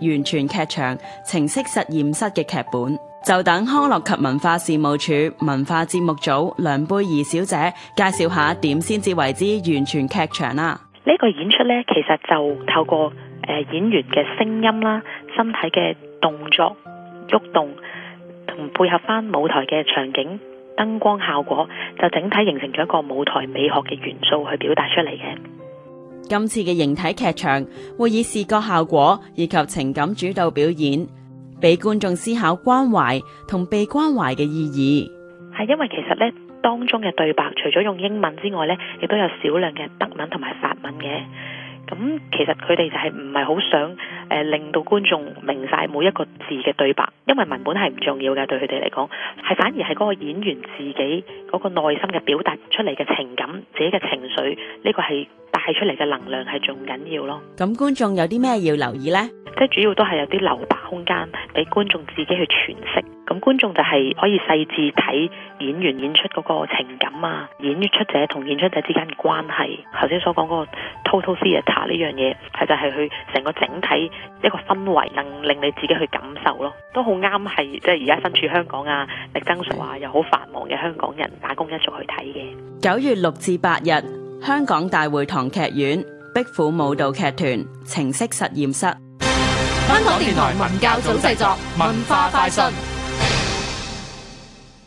完全劇場程式實驗室嘅劇本，就等康樂及文化事務署文化節目組梁貝兒小姐介紹一下點先至為之完全劇場啦、啊。呢個演出呢，其實就透過誒演員嘅聲音啦、身體嘅動作、喐動、動，同配合翻舞台嘅場景、燈光效果，就整體形成咗一個舞台美學嘅元素去表達出嚟嘅。今次嘅形體劇場會以視覺效果以及情感主導表演，俾觀眾思考關懷同被關懷嘅意義。係因為其實咧當中嘅對白，除咗用英文之外咧，亦都有少量嘅德文同埋法文嘅。咁其實佢哋就係唔係好想誒令到觀眾明晒每一個字嘅對白，因為文本係唔重要嘅。對佢哋嚟講，係反而係嗰個演員自己嗰個內心嘅表達出嚟嘅情感，自己嘅情緒。呢個係。睇出嚟嘅能量係仲緊要咯。咁觀眾有啲咩要留意呢？即係主要都係有啲留白空間俾觀眾自己去詮釋。咁觀眾就係可以細緻睇演員演出嗰個情感啊，演員出者同演出者之間嘅關係。頭先所講嗰個 Total Theatre 呢樣嘢，係就係去成個整體一個氛圍，能令你自己去感受咯。都好啱係即係而家身處香港啊，嚟增熟啊，又好的繁忙嘅香港人打工一族去睇嘅。九月六至八日。香港大會堂劇院、壁虎舞蹈劇團、程式實驗室。香港電台文教組製作，文化快訊。